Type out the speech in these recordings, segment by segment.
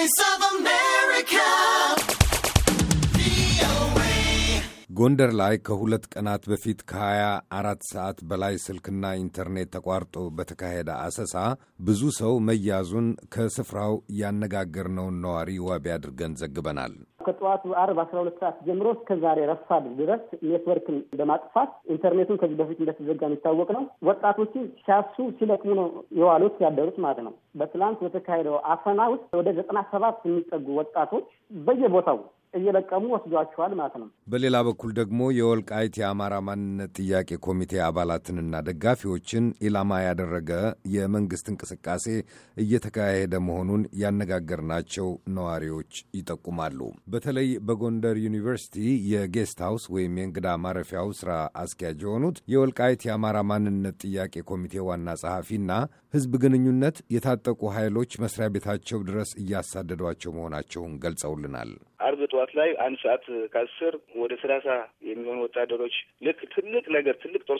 Voice of ጎንደር ላይ ከሁለት ቀናት በፊት ከ24 ሰዓት በላይ ስልክና ኢንተርኔት ተቋርጦ በተካሄደ አሰሳ ብዙ ሰው መያዙን ከስፍራው ያነጋገርነውን ነዋሪ ዋቢ አድርገን ዘግበናል። ከጠዋቱ አርብ አስራ ሁለት ሰዓት ጀምሮ እስከ ዛሬ ረፋድ ድረስ ኔትወርክን በማጥፋት ኢንተርኔቱን ከዚህ በፊት እንደተዘጋ የሚታወቅ ነው። ወጣቶችን ሲያሱ ሲለቅሙ ነው የዋሉት ያደሩት ማለት ነው። በትላንት በተካሄደው አፈና ውስጥ ወደ ዘጠና ሰባት የሚጠጉ ወጣቶች በየቦታው እየለቀሙ ወስዷቸዋል ማለት ነው። በሌላ በኩል ደግሞ የወልቃይት የአማራ ማንነት ጥያቄ ኮሚቴ አባላትንና ደጋፊዎችን ኢላማ ያደረገ የመንግስት እንቅስቃሴ እየተካሄደ መሆኑን ያነጋገርናቸው ነዋሪዎች ይጠቁማሉ። በተለይ በጎንደር ዩኒቨርሲቲ የጌስት ሃውስ ወይም የእንግዳ ማረፊያው ስራ አስኪያጅ የሆኑት የወልቃይት የአማራ ማንነት ጥያቄ ኮሚቴ ዋና ጸሐፊና ህዝብ ግንኙነት የታጠቁ ኃይሎች መስሪያ ቤታቸው ድረስ እያሳደዷቸው መሆናቸውን ገልጸውልናል። ጠዋት ላይ አንድ ሰዓት ከአስር ወደ ሰላሳ የሚሆኑ ወታደሮች ልክ ትልቅ ነገር ትልቅ ጦር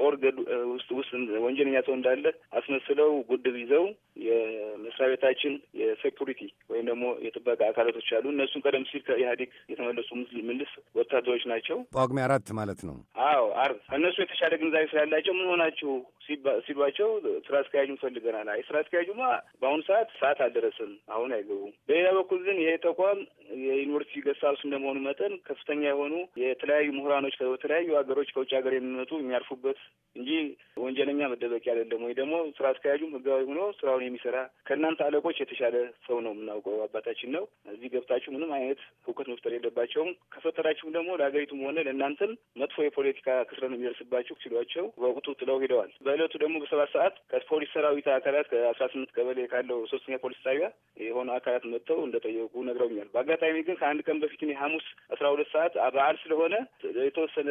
ጦር ውስጥ ውስጥ ወንጀለኛ ሰው እንዳለ አስመስለው ጉድብ ይዘው የመስሪያ ቤታችን የሴኩሪቲ ወይም ደግሞ የጥበቃ አካላቶች አሉ። እነሱም ቀደም ሲል ከኢህአዴግ የተመለሱ ምልስ ወታደሮች ናቸው። ጳጉሜ አራት ማለት ነው። አዎ አር እነሱ የተሻለ ግንዛቤ ስላላቸው ምን ሆናችሁ ሲሏቸው ስራ አስኪያጁን ፈልገናል። አይ ስራ አስኪያጁማ በአሁኑ ሰዓት ሰዓት አልደረስም፣ አሁን አይገቡም። በሌላ በኩል ግን ይሄ ተቋም የዩኒቨርሲቲ ገሳሱ እንደመሆኑ መጠን ከፍተኛ የሆኑ የተለያዩ ምሁራኖች ከተለያዩ ሀገሮች ከውጭ ሀገር የሚመጡ የሚያርፉበት እንጂ ወንጀለኛ መደበቂያ አይደለም። ወይ ደግሞ ስራ አስኪያጁም ህጋዊ ሆኖ ስራውን የሚሰራ ከእናንተ አለቆች የተሻለ ሰው ነው የምናውቀው፣ አባታችን ነው። እዚህ ገብታችሁ ምንም አይነት እውቀት መፍጠር የለባቸውም። ከፈጠራችሁም ደግሞ ለሀገሪቱም ሆነ ለእናንተም መጥፎ የፖለቲካ ክስረት ነው የሚደርስባችሁ ሲሏቸው በወቅቱ ጥለው ሄደዋል። በእለቱ ደግሞ በሰባት ሰዓት ከፖሊስ ሰራዊት አካላት ከአስራ ስምንት ቀበሌ ካለው ሶስተኛ ፖሊስ ጣቢያ የሆኑ አካላት መጥተው እንደጠየቁ ነግረውኛል። በአጋጣሚ ግን ከአንድ ቀን በፊት እኔ ሐሙስ አስራ ሁለት ሰዓት በዓል ስለሆነ የተወሰነ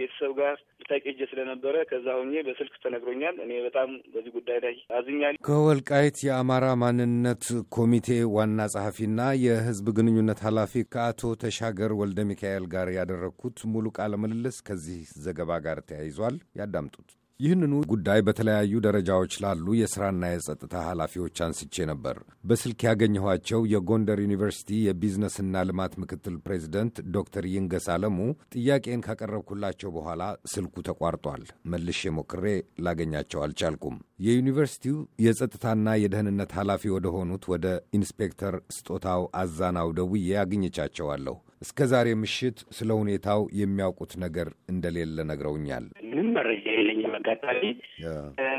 ቤተሰብ ጋር ልታቄጀ ስለነበረ ከዛ ሁኜ በስልክ ተነግሮኛል። እኔ በጣም በዚህ ጉዳይ ላይ አዝኛል። ከወልቃይት የአማራ ማንነት ኮሚቴ ዋና ጸሐፊና የህዝብ ግንኙነት ኃላፊ ከአቶ ተሻገር ወልደ ሚካኤል ጋር ያደረግኩት ሙሉ ቃለ ምልልስ ከዚህ ዘገባ ጋር ተያይዟል። ያዳምጡት። ይህንኑ ጉዳይ በተለያዩ ደረጃዎች ላሉ የሥራና የጸጥታ ኃላፊዎች አንስቼ ነበር። በስልክ ያገኘኋቸው የጎንደር ዩኒቨርሲቲ የቢዝነስና ልማት ምክትል ፕሬዚደንት ዶክተር ይንገስ አለሙ ጥያቄን ካቀረብኩላቸው በኋላ ስልኩ ተቋርጧል። መልሼ ሞክሬ ላገኛቸው አልቻልኩም። የዩኒቨርሲቲው የጸጥታና የደህንነት ኃላፊ ወደ ሆኑት ወደ ኢንስፔክተር ስጦታው አዛናው ደውዬ አግኝቻቸዋለሁ። እስከ ዛሬ ምሽት ስለ ሁኔታው የሚያውቁት ነገር እንደሌለ ነግረውኛል። ምንም መረጃ የለኝም። አጋጣሚ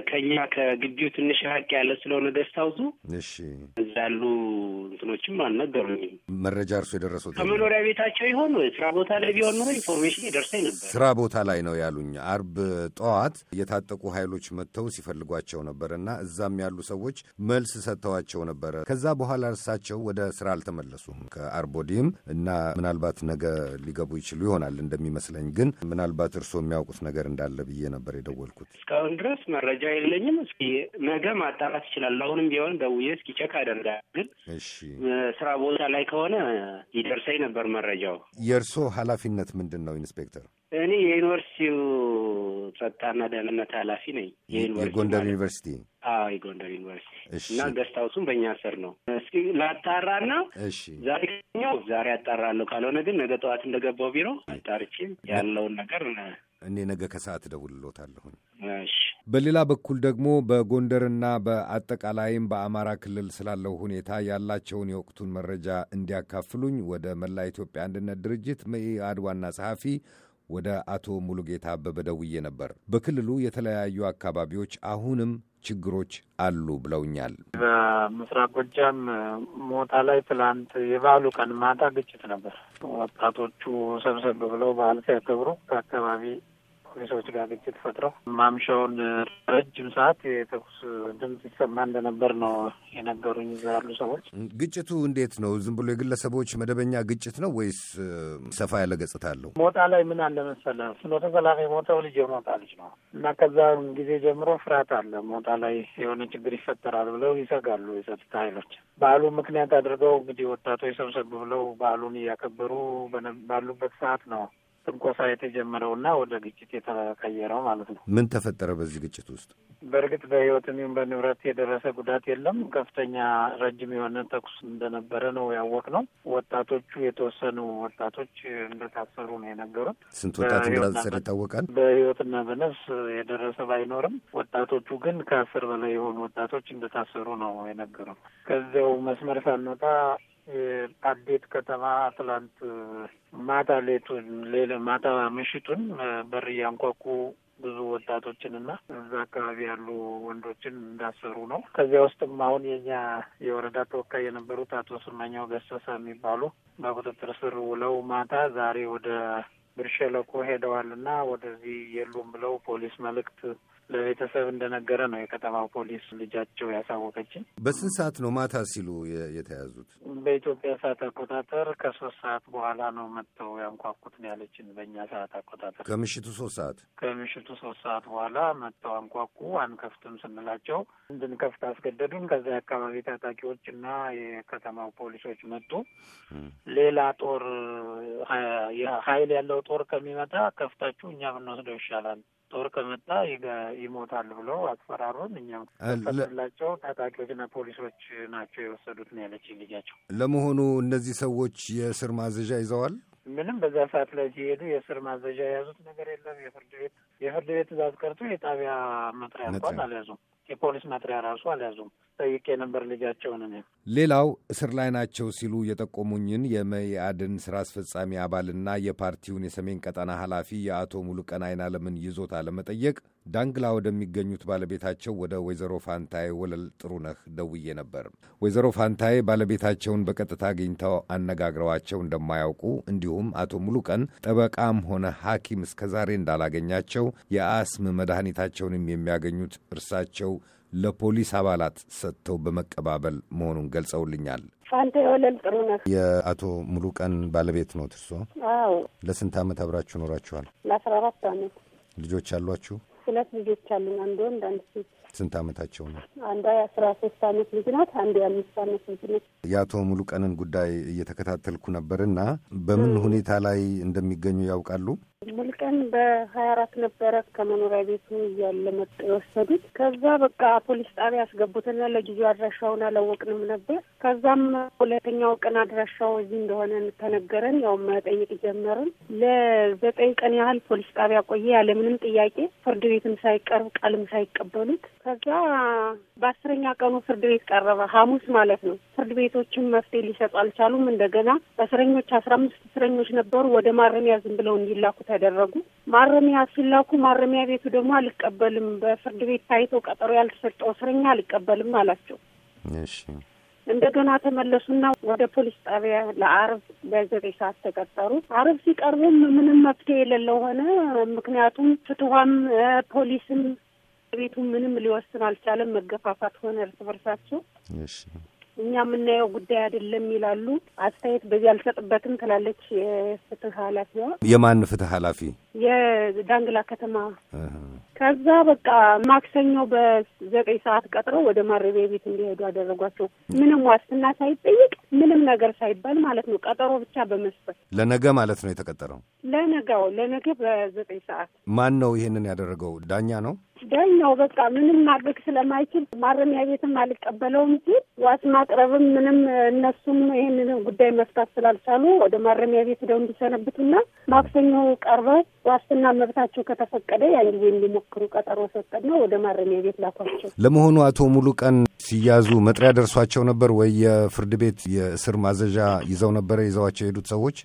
ከኛ ከግቢው ትንሽ ራቅ ያለ ስለሆነ ደስታው እሱ እንዳሉ እንትኖችም አልነገሩኝም። መረጃ እርሱ የደረሱት ከመኖሪያ ቤታቸው ይሆን ወይ ስራ ቦታ ላይ ቢሆን ኖሮ ኢንፎርሜሽን ይደርሰኝ ነበር። ስራ ቦታ ላይ ነው ያሉኝ። አርብ ጠዋት የታጠቁ ኃይሎች መጥተው ሲፈልጓቸው ነበር እና እዛም ያሉ ሰዎች መልስ ሰጥተዋቸው ነበረ። ከዛ በኋላ እርሳቸው ወደ ስራ አልተመለሱም ከአርብ ወዲህም እና ምናልባት ነገ ሊገቡ ይችሉ ይሆናል እንደሚመስለኝ። ግን ምናልባት እርሶ የሚያውቁት ነገር እንዳለ ብዬ ነበር የደወልኩት። እስካሁን ድረስ መረጃ የለኝም። እስኪ ነገ ማጣራት ይችላል። አሁንም ቢሆን ደውዬ እስኪ ቸክ አደርጋለሁ። ግን ስራ ቦታ ላይ ከሆነ ይደርሰኝ ነበር መረጃው። የእርስዎ ኃላፊነት ምንድን ነው ኢንስፔክተር? እኔ የዩኒቨርሲቲው ጸጥታና ደህንነት ኃላፊ ነኝ። የጎንደር ዩኒቨርሲቲ አዎ፣ የጎንደር ዩኒቨርሲቲ እና ገስታውሱም በእኛ ስር ነው። እስኪ ላጣራ እና ዛሬ ዛሬ አጣራለሁ፣ ካልሆነ ግን ነገ ጠዋት እንደገባው ቢሮ አጣርቼ ያለውን ነገር እኔ ነገ ከሰዓት እደውልልዎታለሁኝ። በሌላ በኩል ደግሞ በጎንደርና በአጠቃላይም በአማራ ክልል ስላለው ሁኔታ ያላቸውን የወቅቱን መረጃ እንዲያካፍሉኝ ወደ መላ ኢትዮጵያ አንድነት ድርጅት መኢአድ ዋና ጸሐፊ ወደ አቶ ሙሉጌታ አበበ ደውዬ ነበር። በክልሉ የተለያዩ አካባቢዎች አሁንም ችግሮች አሉ ብለውኛል። በምስራቅ ጎጃም ሞታ ላይ ትላንት የበዓሉ ቀን ማታ ግጭት ነበር። ወጣቶቹ ሰብሰብ ብለው በዓል ሲያከብሩ ከአካባቢ ከፖሊሶች ጋር ግጭት ፈጥረው ማምሻውን ረጅም ሰዓት የተኩስ ድምፅ ይሰማ እንደነበር ነው የነገሩኝ እዛ ያሉ ሰዎች። ግጭቱ እንዴት ነው? ዝም ብሎ የግለሰቦች መደበኛ ግጭት ነው ወይስ ሰፋ ያለ ገጽታ አለው? ሞጣ ላይ ምን አለ መሰለ ፍኖተ ሰላም የሞተው ልጅ የሞጣ ልጅ ነው እና ከዛ ጊዜ ጀምሮ ፍርሃት አለ። ሞጣ ላይ የሆነ ችግር ይፈጠራል ብለው ይሰጋሉ የጸጥታ ኃይሎች። በዓሉ ምክንያት አድርገው እንግዲህ ወጣቶች ሰብሰብ ብለው በዓሉን እያከበሩ ባሉበት ሰዓት ነው ትንኮሳ የተጀመረው እና ወደ ግጭት የተቀየረው ማለት ነው። ምን ተፈጠረ በዚህ ግጭት ውስጥ? በእርግጥ በህይወት ይሁን በንብረት የደረሰ ጉዳት የለም። ከፍተኛ ረጅም የሆነ ተኩስ እንደነበረ ነው ነው። ወጣቶቹ የተወሰኑ ወጣቶች እንደታሰሩ ነው የነገሩት። ስንት ወጣት እንዳልተሰር ይታወቃል። በህይወትና በነፍስ የደረሰ ባይኖርም ወጣቶቹ ግን ከአስር በላይ የሆኑ ወጣቶች እንደታሰሩ ነው የነገሩን። ከዚያው መስመር ሳንወጣ አዴት ከተማ ትላንት ማታ ሌቱን ሌለ ማታ ምሽቱን በር እያንኳኩ ብዙ ወጣቶችን እና እዛ አካባቢ ያሉ ወንዶችን እንዳሰሩ ነው። ከዚያ ውስጥም አሁን የኛ የወረዳ ተወካይ የነበሩት አቶ ስመኛው ገሰሳ የሚባሉ በቁጥጥር ስር ውለው ማታ ዛሬ ወደ ብርሸለቆ ሄደዋል እና ወደዚህ የሉም ብለው ፖሊስ መልእክት ለቤተሰብ እንደነገረ ነው የከተማው ፖሊስ ልጃቸው ያሳወቀችን በስንት ሰዓት ነው ማታ ሲሉ የተያዙት? በኢትዮጵያ ሰዓት አቆጣጠር ከሶስት ሰዓት በኋላ ነው መጥተው ያንኳኩትን ያለችን በእኛ ሰዓት አቆጣጠር ከምሽቱ ሶስት ሰዓት ከምሽቱ ሶስት ሰዓት በኋላ መጥተው አንኳኩ። አንከፍትም ስንላቸው እንድንከፍት አስገደዱን። ከዚያ የአካባቢ ታጣቂዎች እና የከተማው ፖሊሶች መጡ። ሌላ ጦር ኃይል ያለው ጦር ከሚመጣ ከፍታችሁ እኛ ብንወስደው ይሻላል ጦር ከመጣ ይሞታል ብሎ አስፈራሩን። እኛም ተፈላቸው ታጣቂዎችና ፖሊሶች ናቸው የወሰዱት ነው ያለች ልጃቸው። ለመሆኑ እነዚህ ሰዎች የእስር ማዘዣ ይዘዋል? ምንም በዛ ሰዓት ላይ ሲሄዱ የእስር ማዘዣ የያዙት ነገር የለም። የፍርድ ቤት የፍርድ ቤት ትእዛዝ ቀርቶ የጣቢያ መጥሪያ እንኳን አልያዙም። የፖሊስ መጥሪያ ራሱ አልያዙም። ጠይቄ ነበር ልጃቸውን እኔ። ሌላው እስር ላይ ናቸው ሲሉ የጠቆሙኝን የመኢአድን ስራ አስፈጻሚ አባልና የፓርቲውን የሰሜን ቀጠና ኃላፊ የአቶ ሙሉቀን አይናለምን ይዞታ ለመጠየቅ ዳንግላ ወደሚገኙት ባለቤታቸው ወደ ወይዘሮ ፋንታዬ ወለል ጥሩነህ ደውዬ ነበር። ወይዘሮ ፋንታዬ ባለቤታቸውን በቀጥታ አግኝተው አነጋግረዋቸው እንደማያውቁ እንዲሁም አቶ ሙሉቀን ጠበቃም ሆነ ሐኪም እስከዛሬ እንዳላገኛቸው የአስም መድኃኒታቸውንም የሚያገኙት እርሳቸው ለፖሊስ አባላት ሰጥተው በመቀባበል መሆኑን ገልጸውልኛል። ፋንታ የወለል ጥሩ ነው። የአቶ ሙሉቀን ባለቤት ነው እርሶ? አዎ። ለስንት አመት አብራችሁ ኖራችኋል? ለአስራ አራት አመት። ልጆች አሏችሁ? ሁለት ልጆች አሉን። አንድ ወንድ፣ አንድ ሴት። ስንት አመታቸው ነው? አንዷ የአስራ ሶስት አመት ልጅ ናት። አንዱ የአምስት አመት ልጅ ነች። የአቶ ሙሉቀንን ጉዳይ እየተከታተልኩ ነበርና በምን ሁኔታ ላይ እንደሚገኙ ያውቃሉ? ሙልቀን በሀያ አራት ነበረ ከመኖሪያ ቤቱ እያለ የወሰዱት። ከዛ በቃ ፖሊስ ጣቢያ ያስገቡትና ለጊዜው አድራሻውን አላወቅንም ነበር። ከዛም ሁለተኛው ቀን አድራሻው እዚህ እንደሆነ ተነገረን። ያው መጠየቅ ጀመርን። ለዘጠኝ ቀን ያህል ፖሊስ ጣቢያ ቆየ፣ ያለምንም ጥያቄ ፍርድ ቤትም ሳይቀርብ ቃልም ሳይቀበሉት። ከዛ በአስረኛ ቀኑ ፍርድ ቤት ቀረበ፣ ሐሙስ ማለት ነው። ፍርድ ቤቶችም መፍትሄ ሊሰጡ አልቻሉም። እንደገና እስረኞች አስራ አምስት እስረኞች ነበሩ ወደ ማረሚያ ዝም ብለው እንዲላኩ ተደረጉ። ማረሚያ ሲላኩ ማረሚያ ቤቱ ደግሞ አልቀበልም፣ በፍርድ ቤት ታይቶ ቀጠሮ ያልተሰጠው እስረኛ አልቀበልም አላቸው። እንደገና ተመለሱና ወደ ፖሊስ ጣቢያ ለአርብ በዘጠኝ ሰዓት ተቀጠሩ። አርብ ሲቀርቡም ምንም መፍትሄ የሌለው ሆነ። ምክንያቱም ፍትሀም ፖሊስም ቤቱ ምንም ሊወስን አልቻለም። መገፋፋት ሆነ እርስ በርሳቸው እኛ የምናየው ጉዳይ አይደለም ይላሉ። አስተያየት በዚህ አልሰጥበትም ትላለች የፍትህ ኃላፊዋ። የማን ፍትህ ኃላፊ? የዳንግላ ከተማ። ከዛ በቃ ማክሰኞ በዘጠኝ ሰዓት ቀጥረው ወደ ማረቢያ ቤት እንዲሄዱ አደረጓቸው። ምንም ዋስትና ሳይጠይቅ? ምንም ነገር ሳይባል ማለት ነው። ቀጠሮ ብቻ በመስጠት ለነገ ማለት ነው የተቀጠረው። ለነገው ለነገ በዘጠኝ ሰዓት። ማን ነው ይህንን ያደረገው? ዳኛ ነው ዳኛው በቃ ምንም ማድረግ ስለማይችል ማረሚያ ቤትም አልቀበለውም ሲል ዋስ ማቅረብም ምንም እነሱም ይህንን ጉዳይ መፍታት ስላልቻሉ ወደ ማረሚያ ቤት ሄደው እንዲሰነብቱና ማክሰኞ ቀርበ ዋስትና መብታቸው ከተፈቀደ ያን ጊዜ እንዲሞክሩ ቀጠሮ ሰጠን ነው ወደ ማረሚያ ቤት ላኳቸው። ለመሆኑ አቶ ሙሉ ቀን ሲያዙ መጥሪያ ደርሷቸው ነበር ወይ? የፍርድ ቤት የእስር ማዘዣ ይዘው ነበረ ይዘዋቸው የሄዱት ሰዎች?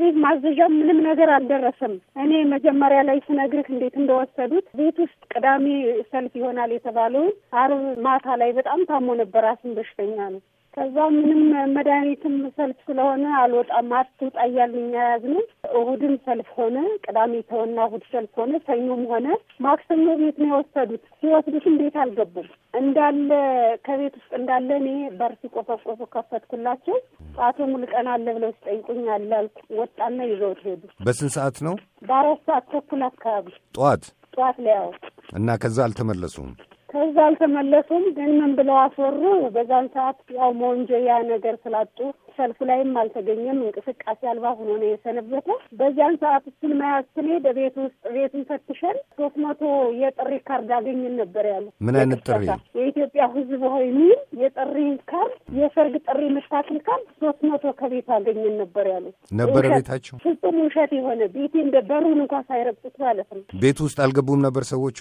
ቤት ማዘዣ ምንም ነገር አልደረሰም። እኔ መጀመሪያ ላይ ስነግርህ እንዴት እንደወሰዱት ቤት ውስጥ ቅዳሜ ሰልፍ ይሆናል የተባለውን አርብ ማታ ላይ በጣም ታሞ ነበር። አስም በሽተኛ ነው። ከዛ ምንም መድኃኒትም ሰልፍ ስለሆነ አልወጣም አትውጣ እያልን እኛ ያዝነው። እሁድም ሰልፍ ሆነ፣ ቅዳሜ ተወና እሁድ ሰልፍ ሆነ፣ ሰኞም ሆነ። ማክሰኞ ቤት ነው የወሰዱት። ሲወስዱትም ቤት አልገቡም። እንዳለ ከቤት ውስጥ እንዳለ እኔ በር ሲቆፈቆፉ ከፈትኩላቸው። አቶ ሙሉቀን አለ ብለው ሲጠይቁኝ አለ አልኩ። ወጣና ይዘውት ሄዱ። በስንት ሰዓት ነው? በአራት ሰዓት ተኩል አካባቢ ጠዋት ጠዋት ላይ ያው እና ከዛ አልተመለሱም ከዛ አልተመለሱም። ግን ምን ብለው አስወሩ። በዛን ሰዓት ያው መወንጀያ ነገር ስላጡ ሰልፉ ላይም አልተገኘም። እንቅስቃሴ አልባ ሆኖ ነው የሰነበተ። በዚያን ሰዓት እሱን መያዝ ስንሄድ ቤት ውስጥ ቤቱን ፈትሸን ሶስት መቶ የጥሪ ካርድ አገኘን ነበር ያሉ። ምን አይነት ጥሪ? የኢትዮጵያ ሕዝብ ሆይ የሚል የጥሪ ካርድ፣ የሰርግ ጥሪ የምታክል ካርድ ሶስት መቶ ከቤት አገኘን ነበር ያሉ። ነበረ ቤታቸው ፍጹም ውሸት የሆነ ቤቴ እንደ በሩን እንኳ ሳይረብጡት ማለት ነው። ቤት ውስጥ አልገቡም ነበር ሰዎቹ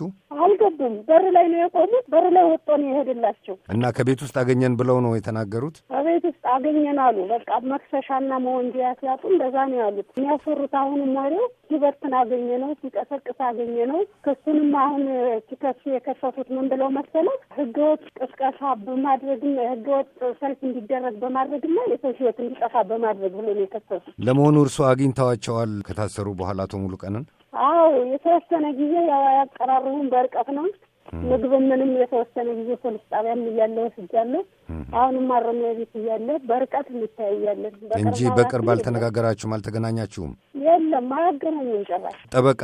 አልገቡም። በር ላይ ነው የቆሙት። በር ላይ ወጥቶ ነው የሄድላቸው እና ከቤት ውስጥ አገኘን ብለው ነው የተናገሩት። ከቤት ውስጥ አገኘን አሉ። በቃ መክሰሻና መወንጀያ ሲያጡ እንደዛ ነው ያሉት። የሚያስፈሩት አሁን ወሬው ሲበትን አገኘ ነው፣ ሲቀሰቅስ አገኘ ነው። ክሱንም አሁን ሲከሱ የከሰሱት ምን ብለው መሰለህ ህገወጥ ቅስቀሳ በማድረግም ህገወጥ ሰልፍ እንዲደረግ በማድረግና የሰው ህይወት እንዲጠፋ በማድረግ ብሎ ነው የከሰሱት። ለመሆኑ እርስዎ አግኝተዋቸዋል ከታሰሩ በኋላ አቶ ሙሉቀንን? አዎ የተወሰነ ጊዜ ያው አያቀራርቡም በርቀት ነው። ምግብ ምንም የተወሰነ ጊዜ ፖሊስ ጣቢያም እያለ ወስጃለሁ። አሁንም ማረሚያ ቤት እያለ በርቀት እንተያያለን እንጂ በቅርብ አልተነጋገራችሁም፣ አልተገናኛችሁም? የለም አያገናኝም ጭራሽ። ጠበቃ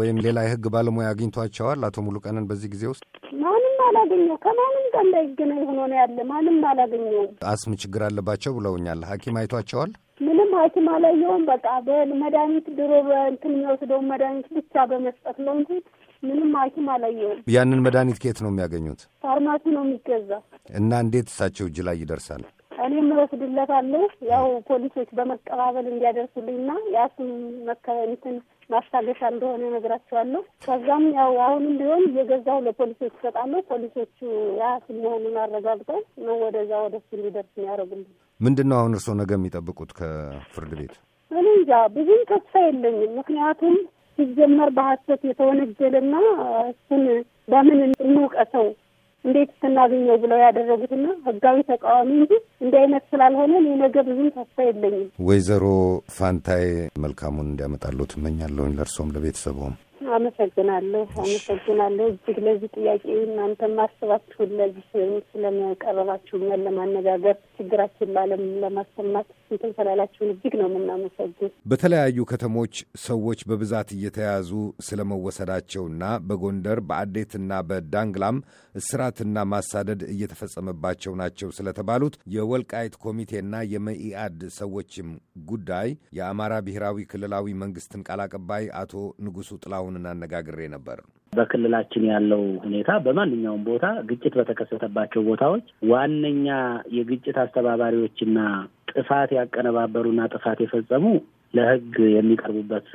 ወይም ሌላ የህግ ባለሙያ አግኝቷቸዋል አቶ ሙሉቀንን በዚህ ጊዜ ውስጥ አላገኘው ከማንም ጋር እንዳይገናኝ ሆኖ ነው ያለ። ማንም አላገኘውም። አስም ችግር አለባቸው ብለውኛል። ሐኪም አይቷቸዋል? ምንም ሐኪም አላየውም። በቃ በመድኃኒት ድሮ በእንትን የሚወስደው መድኃኒት ብቻ በመስጠት ነው እንጂ ምንም ሐኪም አላየውም። ያንን መድኃኒት ከየት ነው የሚያገኙት? ፋርማሲ ነው የሚገዛ እና እንዴት እሳቸው እጅ ላይ ይደርሳል? እኔም እወስድለታለሁ ያው ፖሊሶች በመቀባበል እንዲያደርሱልኝና የአስም መከ እንትን ማስታገሻ እንደሆነ ነግራቸዋለሁ። ከዛም ያው አሁንም ቢሆን እየገዛሁ ለፖሊሶች እሰጣለሁ። ፖሊሶቹ ያት መሆኑን አረጋግጠው ነው ወደዛ ወደሱ እንዲደርስ የሚያደርጉልን። ምንድን ነው አሁን እርስዎ ነገ የሚጠብቁት ከፍርድ ቤት? እኔ እንጃ ብዙም ተስፋ የለኝም። ምክንያቱም ሲጀመር በሀሰት የተወነጀለና እሱን በምን እንውቀሰው እንዴት ስናገኘው ብለው ያደረጉትና ህጋዊ ተቃዋሚ እንጂ እንዲህ አይነት ስላልሆነ እኔ ነገ ብዙም ተስፋ የለኝም። ወይዘሮ ፋንታይ መልካሙን እንዲያመጣለሁ ትመኛለሁኝ ለእርሶም ለቤተሰቦም። አመሰግናለሁ። አመሰግናለሁ እጅግ ለዚህ ጥያቄ እናንተም አስባችሁን ለዚህ ስለሚያቀርባችሁ ለማነጋገር ችግራችን ለዓለም ለማሰማት እንትን ስላላችሁን እጅግ ነው የምናመሰግን። በተለያዩ ከተሞች ሰዎች በብዛት እየተያዙ ስለመወሰዳቸውና በጎንደር በአዴትና በዳንግላም እስራትና ማሳደድ እየተፈጸመባቸው ናቸው ስለተባሉት የወልቃይት ኮሚቴና የመኢአድ ሰዎችም ጉዳይ የአማራ ብሔራዊ ክልላዊ መንግስትን ቃል አቀባይ አቶ ንጉሱ ጥላሁንን አነጋግሬ ነበር። በክልላችን ያለው ሁኔታ በማንኛውም ቦታ ግጭት በተከሰተባቸው ቦታዎች ዋነኛ የግጭት አስተባባሪዎችና ጥፋት ያቀነባበሩና ጥፋት የፈጸሙ ለህግ የሚቀርቡበት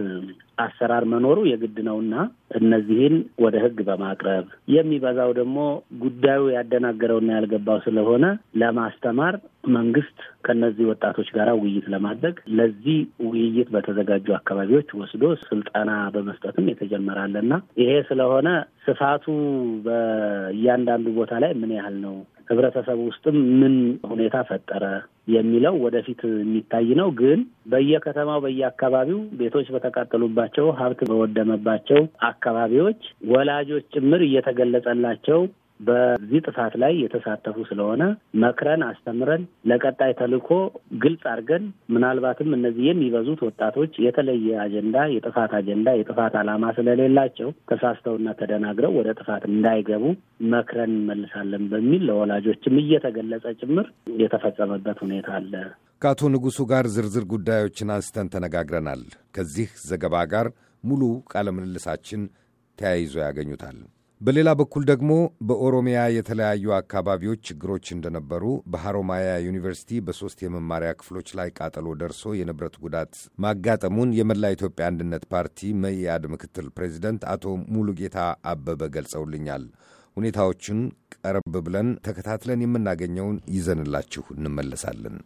አሰራር መኖሩ የግድ ነውና እነዚህን ወደ ህግ በማቅረብ የሚበዛው ደግሞ ጉዳዩ ያደናገረውና ያልገባው ስለሆነ ለማስተማር መንግስት ከነዚህ ወጣቶች ጋር ውይይት ለማድረግ ለዚህ ውይይት በተዘጋጁ አካባቢዎች ወስዶ ስልጠና በመስጠትም የተጀመረ ይሄ ስለሆነ ስፋቱ በእያንዳንዱ ቦታ ላይ ምን ያህል ነው ህብረተሰብ ውስጥም ምን ሁኔታ ፈጠረ የሚለው ወደፊት የሚታይ ነው። ግን በየከተማው በየአካባቢው ቤቶች በተቃጠሉባቸው፣ ሀብት በወደመባቸው አካባቢዎች ወላጆች ጭምር እየተገለጸላቸው በዚህ ጥፋት ላይ የተሳተፉ ስለሆነ መክረን አስተምረን ለቀጣይ ተልእኮ ግልጽ አድርገን ምናልባትም እነዚህ የሚበዙት ወጣቶች የተለየ አጀንዳ፣ የጥፋት አጀንዳ፣ የጥፋት ዓላማ ስለሌላቸው ተሳስተውና ተደናግረው ወደ ጥፋት እንዳይገቡ መክረን እንመልሳለን በሚል ለወላጆችም እየተገለጸ ጭምር የተፈጸመበት ሁኔታ አለ። ከአቶ ንጉሱ ጋር ዝርዝር ጉዳዮችን አንስተን ተነጋግረናል። ከዚህ ዘገባ ጋር ሙሉ ቃለ ምልልሳችን ተያይዞ ያገኙታል። በሌላ በኩል ደግሞ በኦሮሚያ የተለያዩ አካባቢዎች ችግሮች እንደነበሩ በሐሮማያ ዩኒቨርሲቲ በሦስት የመማሪያ ክፍሎች ላይ ቃጠሎ ደርሶ የንብረት ጉዳት ማጋጠሙን የመላ ኢትዮጵያ አንድነት ፓርቲ መኢአድ ምክትል ፕሬዚደንት አቶ ሙሉጌታ አበበ ገልጸውልኛል። ሁኔታዎቹን ቀረብ ብለን ተከታትለን የምናገኘውን ይዘንላችሁ እንመለሳለን።